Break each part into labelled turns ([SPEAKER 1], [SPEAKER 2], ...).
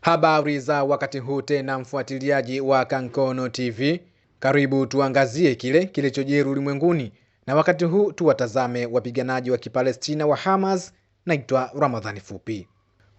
[SPEAKER 1] Habari za wakati huu tena, mfuatiliaji wa Kankono TV, karibu tuangazie kile kilichojiri ulimwenguni, na wakati huu tuwatazame wapiganaji wa Kipalestina wa Hamas. Naitwa Ramadhani Fupi.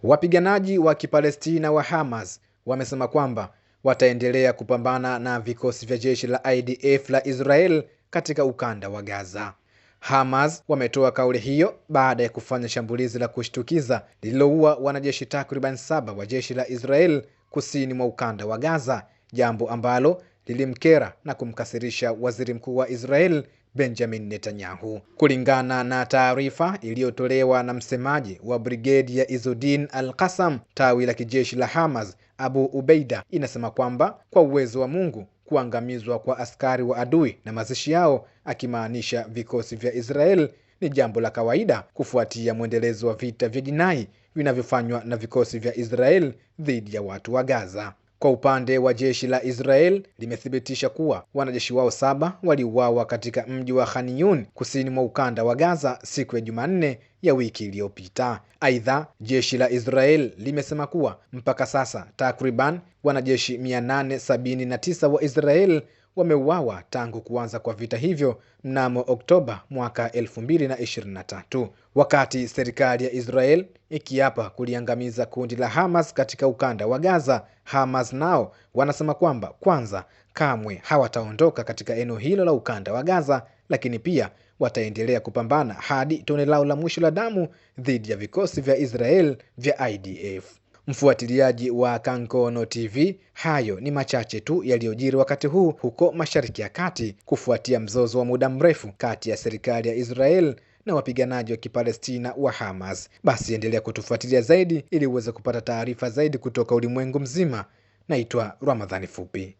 [SPEAKER 1] Wapiganaji wa Kipalestina wa Hamas wamesema kwamba wataendelea kupambana na vikosi vya jeshi la IDF la Israel katika ukanda wa Gaza. Hamas wametoa kauli hiyo baada ya kufanya shambulizi la kushtukiza lililoua wanajeshi takriban saba wa jeshi la Israel kusini mwa ukanda wa Gaza, jambo ambalo lilimkera na kumkasirisha Waziri Mkuu wa Israel Benjamin Netanyahu. Kulingana na taarifa iliyotolewa na msemaji wa brigedi ya Izudin Al-Qassam, tawi la kijeshi la Hamas, Abu Ubeida, inasema kwamba kwa uwezo wa Mungu kuangamizwa kwa askari wa adui na mazishi yao, akimaanisha vikosi vya Israel, ni jambo la kawaida kufuatia mwendelezo wa vita vya jinai vinavyofanywa na vikosi vya Israel dhidi ya watu wa Gaza. Kwa upande wa jeshi la Israel limethibitisha kuwa wanajeshi wao saba waliuawa katika mji wa Khan kusini mwa ukanda wa Gaza siku ya Jumanne ya wiki iliyopita. Aidha, jeshi la Israel limesema kuwa mpaka sasa takriban wanajeshi 879 wa Israel wameuawa tangu kuanza kwa vita hivyo mnamo Oktoba mwaka 2023, wakati serikali ya Israel ikiapa kuliangamiza kundi la Hamas katika ukanda wa Gaza. Hamas nao wanasema kwamba kwanza, kamwe hawataondoka katika eneo hilo la ukanda wa Gaza, lakini pia wataendelea kupambana hadi tone lao la mwisho la damu dhidi ya vikosi vya Israel vya IDF. Mfuatiliaji wa Kankono TV, hayo ni machache tu yaliyojiri wakati huu huko Mashariki ya Kati kufuatia mzozo wa muda mrefu kati ya serikali ya Israel na wapiganaji wa Kipalestina wa Hamas. Basi endelea kutufuatilia zaidi ili uweze kupata taarifa zaidi kutoka ulimwengu mzima. Naitwa Ramadhani Fupi.